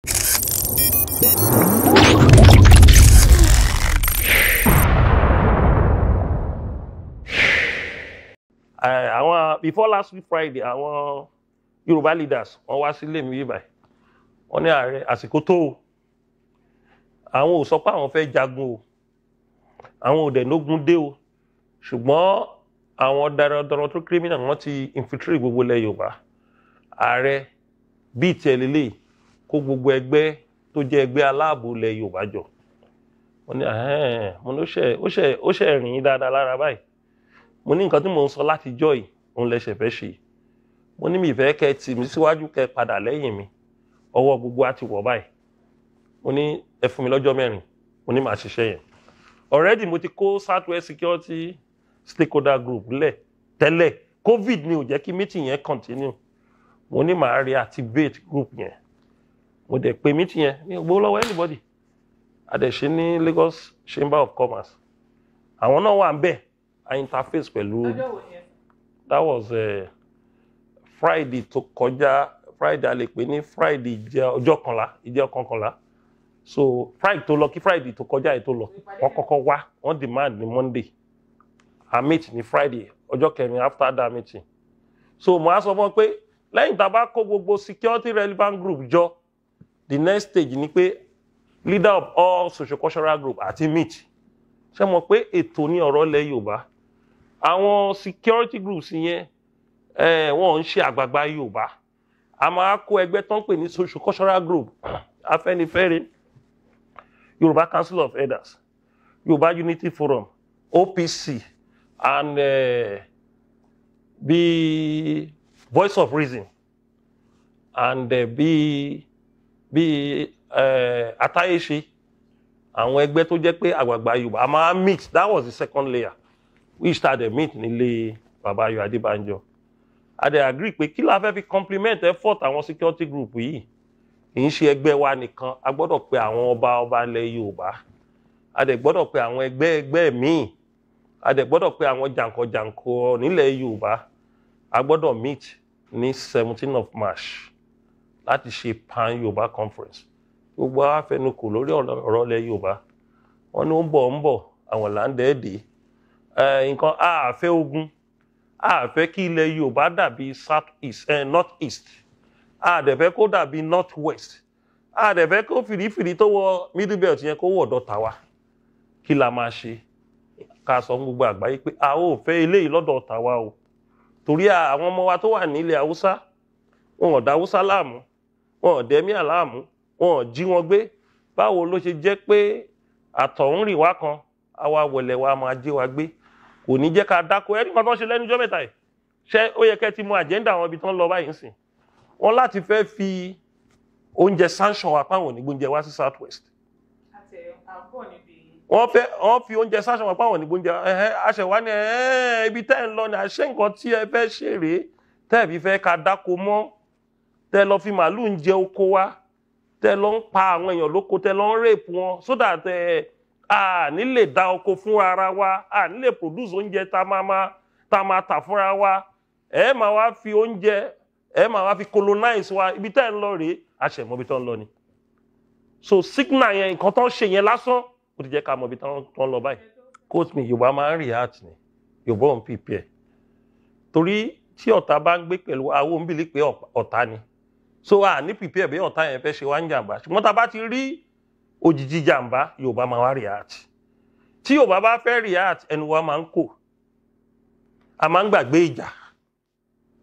Eh, àwọn before last week Friday àwọn Yorùbá leaders wọ́n wá sílé mi yíba wọ́n ní ààrẹ àsìkò tó o àwọn ò sọ pé àwọn fẹ́ jagun o àwọn ò dẹ̀nógún dé o ṣùgbọ́n àwọn darandaran tó kírímìnà wọ́n ti infiltrate gbogbo ilẹ̀ Are ààrẹ bíi tẹ̀lélẹ́yìí kó gbogbo ẹgbẹ́ tó jẹ́ ẹgbẹ́ aláàbò ilẹ̀ Yorùbá jọ mo ní mo ní ó ṣe rìn yín dáadáa lára báyìí mo ní nǹkan tí mo ń sọ láti jọ́ yìí òun lẹ́sẹ̀ fẹ́ ṣe mo ní mi ìfẹ́ kẹ́ tì mí síwájú kẹ́ padà lẹ́yìn mi ọwọ́ gbogbo á ti wọ̀ báyìí mo ní ẹ fún mi lọ́jọ́ mẹ́rin mo ní màá ṣiṣẹ́ yẹn already mo ti kó southwest security stakeholder group lẹ̀ tẹ́lẹ̀ covid ni ò jẹ́ kí meeting yẹn continue mo ní màá reactivate group yẹn mo dẹ̀ pè mí tìyẹn ní gbowó lọ́wọ́ anybody àdẹ̀ṣe ní Lagos Chamber of Commerce àwọn náà wà ń bẹ̀ i interface pẹ̀lú that was uh, Friday tó kọjá Friday a lè pè ní Friday ìjẹ ọjọ́ kanla ìjẹ ọkànkanla so Friday tó lọ kí Friday tó kọjá yìí tó lọ wọ́n kọ́kọ́ wá wọ́n demand ní Monday a meet ní Friday ọjọ́ kẹrin after that meeting so mo á sọ fún ọ pé lẹ́yìn tá a bá kó gbogbo security relevant group jọ the next stage ni pé leader of all cultural group àti meet ṣe mọ̀ pé ètò ní ọ̀rọ̀ ilẹ̀ Yorùbá àwọn security groups yẹn wọ́n ń ṣe àgbàgbà Yorùbá a máa kó ẹgbẹ́ tó ń pè ní cultural group Afẹ́nifẹ́re Yorùbá Council of Elders Yorùbá Unity Forum OPC and uh, the Voice of Reason and uh, the bíi atáyéṣe àwọn ẹgbẹ́ tó jẹ́ pé àgbààgbà yorùbá a máa meet that was the second layer we started meet nílé bàbá ayọ̀ adébánjọ a dẹ̀ agree pé kí la fẹ́ fi complement effort àwọn security group yìí kì í ṣe ẹgbẹ́ wa nìkan a gbọ́dọ̀ pe àwọn ọba ọba ilẹ̀ yorùbá a dẹ̀ gbọ́dọ̀ pe àwọn ẹgbẹ́ ẹgbẹ́ míì a dẹ̀ gbọ́dọ̀ pe àwọn jàǹkànjàǹkàn nílẹ̀ yorùbá a gbọ́dọ̀ meet ní seventeen of march láti ṣe pan yorùbá conference gbogbo afẹnukò lórí ọ̀rọ̀ ilẹ̀ yorùbá wọn ni ó ń bọ̀ ń bọ̀ àwọn làǹdẹ̀ẹ̀dẹ̀ nǹkan àfẹ́ ogun àfẹ́ kí ilẹ̀ yorùbá dàbí south east eh, north east àdẹ̀fẹ́ kó dàbí north west àdẹ̀fẹ́ kó fìrífìrí tó wọ middle belt yẹn kó wọ̀ dọ́ta wa kí la máa ṣe ká sọ fún gbogbo àgbáyé pé a ò fẹ́ eléyìí lọ́dọ̀ tàwa o torí àwọn ọmọ wa tó wà nílẹ̀ haúsá wọn ò dá haúsá láàmú wọn ò dẹ̀mí àláàmú wọn ò jí wọn gbé báwo ló ṣe jẹ́ pé àtọ̀húnrìnwá kan àwa wọ̀lẹ̀ wa máa jẹ́ wa gbé kò ní jẹ́ ká dáko ẹ̀rí kan tó ń ṣe lẹ́nu ọjọ́ mẹ́ta yìí ṣé ó yẹ kẹ́ ti mọ àjẹ́ńdà àwọn ibi tó ń lọ báyìí sìn wọn láti fẹ́ fi oúnjẹ sanction wa onígbóúnjẹ wá sí south west wọ́n fẹ́ wọ́n fi oúnjẹ sáṣọ wọn páwọn òníbo oúnjẹ ẹ̀hẹ́ aṣẹ̀wá ni ibi tẹ́ ń lọ ni àṣẹ nǹkan tí ẹ fẹ́ ṣe rèé tẹ́ẹ̀bí fẹ́ ká dáko mọ́ tẹ lọ fi màálù ń jẹ oko wa tẹ lọ ń pa àwọn èèyàn lóko tẹ lọ ń rèpù wọn so that ẹ eh, à ní lè dá oko fún ara wa à ní produce oúnjẹ tá máa máa tá máa tà fúnra wa ẹ máa wá fi oúnjẹ ẹ máa wá fi colonize wa ibi tẹ́ ń lọ rèé àṣẹmọ́ ibi tó ń lọ ni so signal yẹn nǹkan tó ń ṣe yẹn lásán ó ti jẹ́ ká mọ ibi tó ń lọ báyìí quote me yorùbá máa ń react ni yorùbá ò ń prepare torí tí ọ̀tá bá ń gbé pẹ̀lú àwọn òǹbìlì pé ọ̀tá ni so a ní prepare bí ọ̀tá yẹn fẹ́ ṣe wá ń jàǹbá ṣùgbọ́n tá a bá ti rí òjijì jàǹbá Yorùbá máa wá react tí Yorùbá bá fẹ́ react ẹnu wa máa ń kò a máa ń gbàgbé ìjà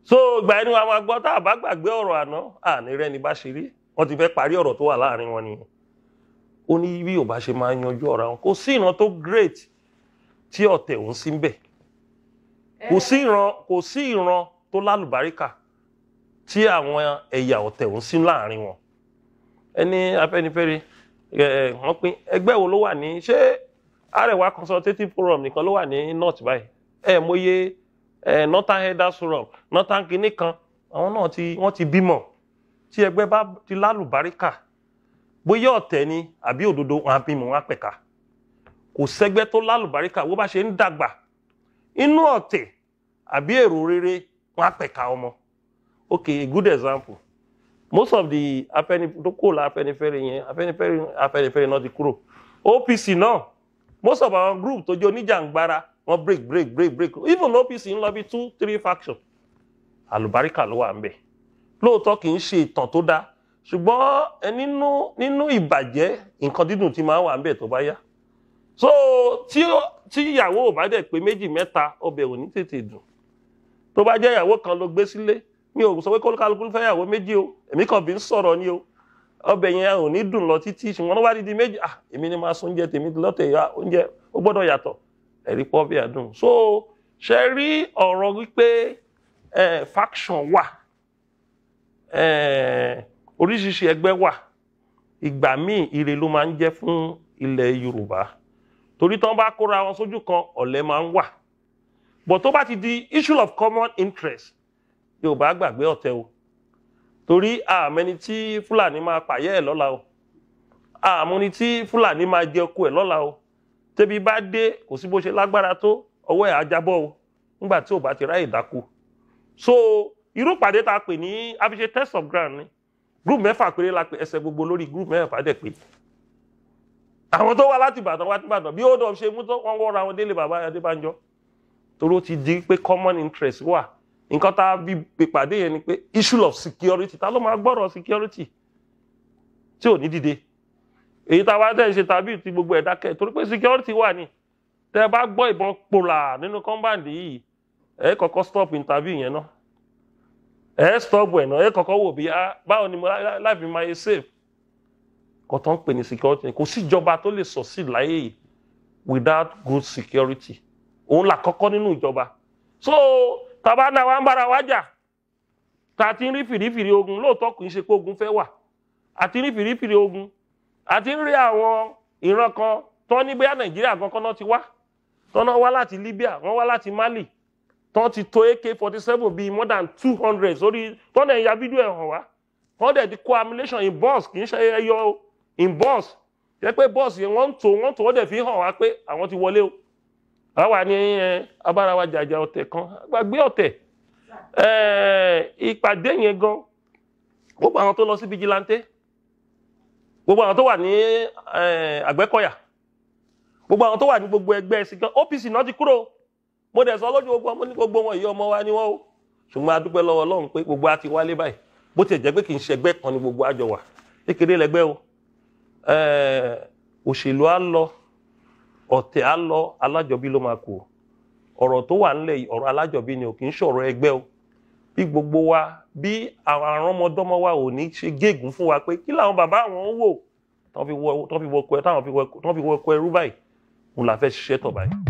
so ìgbà ẹni wa máa gbọ́ tá a bá gbàgbé ọ̀rọ̀ àná àní rẹ́ni bá ṣe rí wọ́n ti fẹ́ parí ọ̀rọ̀ tó wà láàrin wọn nìyẹn ó ní bí Yorùbá ṣe máa yanjú ọ̀rọ̀ àwọn kò sí ìran tó great tí ọ̀tẹ̀ òun sí ń bẹ̀ kò sí ìran kò sí ìran tó lálùbáríkà tí àwọn ẹ̀yà ọ̀tẹ̀ ń sí láàrin wọn ẹni Afẹ́nifẹ́re wọ́n pín ẹgbẹ́ wo ló wà ní ṣé Arewa consultative forum nìkan ló wà ní north báyìí ẹ mọye northern headers forum northern guinea kan àwọn náà tí wọ́n ti bímọ tí ẹgbẹ́ bá ti lálùbáríkà bóyá ọ̀tẹ̀ ni àbí òdodo wọn àbí mọ̀ wọn pẹ̀ka kò sẹ́gbẹ́ tó lálùbáríkà wọ́n bá ṣe ń dàgbà inú ọ̀tẹ̀ àbí èrò rere wọn pẹ̀ka ọmọ okay a good example most of the Afẹnifẹre tó kò la Afẹnifẹre yẹn Afẹnifẹre Afẹnifẹre náà ti OPC náà most of our group tó jẹ́ oníjàngbara wọ́n break break break break even OPC ń lọ two three factions. Alubarika, ló wà ń bẹ̀ lóòótọ́ kì í ṣe ìtàn tó dáa ṣùgbọ́n nínú nínú ìbàjẹ́ nǹkan dídùn ti máa wà ń tó bá yá so tí tí ìyàwó ò bá dẹ̀ pé méjì mẹ́ta ọbẹ̀ ò ní tètè dùn tó bá jẹ́ ìyàwó kan ló gbé sílé mi ò sọ pé kólúkálukú fẹ́yàwó méjì o èmi kàn bí ń sọ̀rọ̀ ni o ọbẹ̀ yẹn ò ní dùn lọ títí ṣùgbọ́n wá dídí méjì à èmi ni máa sún oúnjẹ tèmi lọ́tọ̀ ìyá oúnjẹ ó gbọ́dọ̀ yàtọ̀ ẹ̀rí pọ́ àdùn so ṣe rí ọ̀rọ̀ wípé faction wà oríṣiríṣi ẹgbẹ́ wà ìgbà míì ire ló máa ń jẹ́ fún ilẹ̀ Yorùbá torí tán bá kóra wọn sójú kan ọ̀lẹ́ máa ń wà but tó bá ti di issue of common interest yorùbá gbàgbé ọ̀tẹ̀ o torí àmẹni tí fúlàní máa pààyẹ́ ẹ̀ lọ́la o àmúni tí fúlàní máa jẹ ọkọ ẹ̀ lọ́la o tẹ́bi bá dé kò sí bó ṣe lágbára tó ọwọ́ ẹ̀ ajábọ̀ o nígbà tí ò ti ráyè dáko so irú pàdé tá a pè ní afiṣe test of ground ni group mẹ́fà péré la pè ẹsẹ̀ gbogbo lórí group mẹ́fà dẹ̀ pé àwọn tó wá láti ìbàdàn wá tìbàdàn bí ó dọ̀ ṣe mú tó wọ́n wọ́ra wọn délé bàbá adébánjọ́ toró ti di pé common interest wà nǹkan tá a bí pàdé yẹn ni pé issue of security ta ló máa gbọ́rọ̀ security tí ò ní dìde èyí tá a wá dẹ̀ ń ṣe tàbí ti gbogbo ẹ̀dá kẹ̀ torí pé security wà ní tẹ́ ẹ bá gbọ́ ìbọn pola nínú compound yìí ẹ kọ́kọ́ stop interview yẹn náà ẹ stop ẹ̀ náà ẹ kọ́kọ́ wò bí ah, báwo ni life mi máa yẹ safe kò tó ń pè ní security kò síjọba tó lè succeed láyé yìí without good security òun là kọ́kọ́ nínú ìjọba so tàbá náà wà ń bára wa jà tá a ti ń rí fìrífìrí ogun lóòótọ́ kì í ṣe pé ogun fẹ́ wà àti rí fìrífìrí ogun àti ń rí àwọn ìran kan tó ní nàìjíríà kankan náà ti wá tọ́nà wá láti libya wọ́n wá láti mali tó ti tò ak seven bíi more than two hundred sórí tọ́nà ẹ̀yà fídíò ẹ̀ hàn wá wọ́n dẹ̀ di coamulation in bus kì í ṣe ẹyọ in bus jẹ́ pé bus yẹn wọ́n ń tò wọ́n tò ó dẹ̀ fi hàn wá pé àwọn ti wọlé o àwa ní eh, abára wa jàjà ọ̀tẹ̀ kan gbàgbé ọ̀tẹ̀ eh, ìpàdé yẹn gan gbogbo àwọn tó lọ sí vigilante gbogbo àwọn tó wà ní eh, àgbẹ́kọ̀yà gbogbo àwọn tó wà ní gbogbo ẹgbẹ́ ẹ̀sìn kan OPC náà ti kúrò mo dẹ̀ sọ lójú gbogbo ọmọ gbogbo wọn ìyá ọmọ wa ni wọn o ṣùgbọ́n a dúpẹ́ lọ́wọ́ Ọlọ́run pé gbogbo a ti wálé báyìí bó ti jẹ́ pé kì í ṣe ẹgbẹ́ kan ni gbogbo àjọ wà kékeré lẹ́gbẹ́ o òṣèlú á lọ ọ̀tẹ̀ á lọ alájọbí ló máa kù ọ̀rọ̀ tó wà nílẹ̀ yìí ọ̀rọ̀ alájọbí ni ò kì í ṣọ̀rọ̀ ẹgbẹ́ o bí gbogbo wa bí àwọn ọmọdọ́mọ wa ò ní ṣe géègùn fún wa pé kí làwọn bàbá àwọn ń wò tán fi wọ ẹrú báyìí òun là fẹ́ ṣiṣẹ́ tọ̀ báyìí.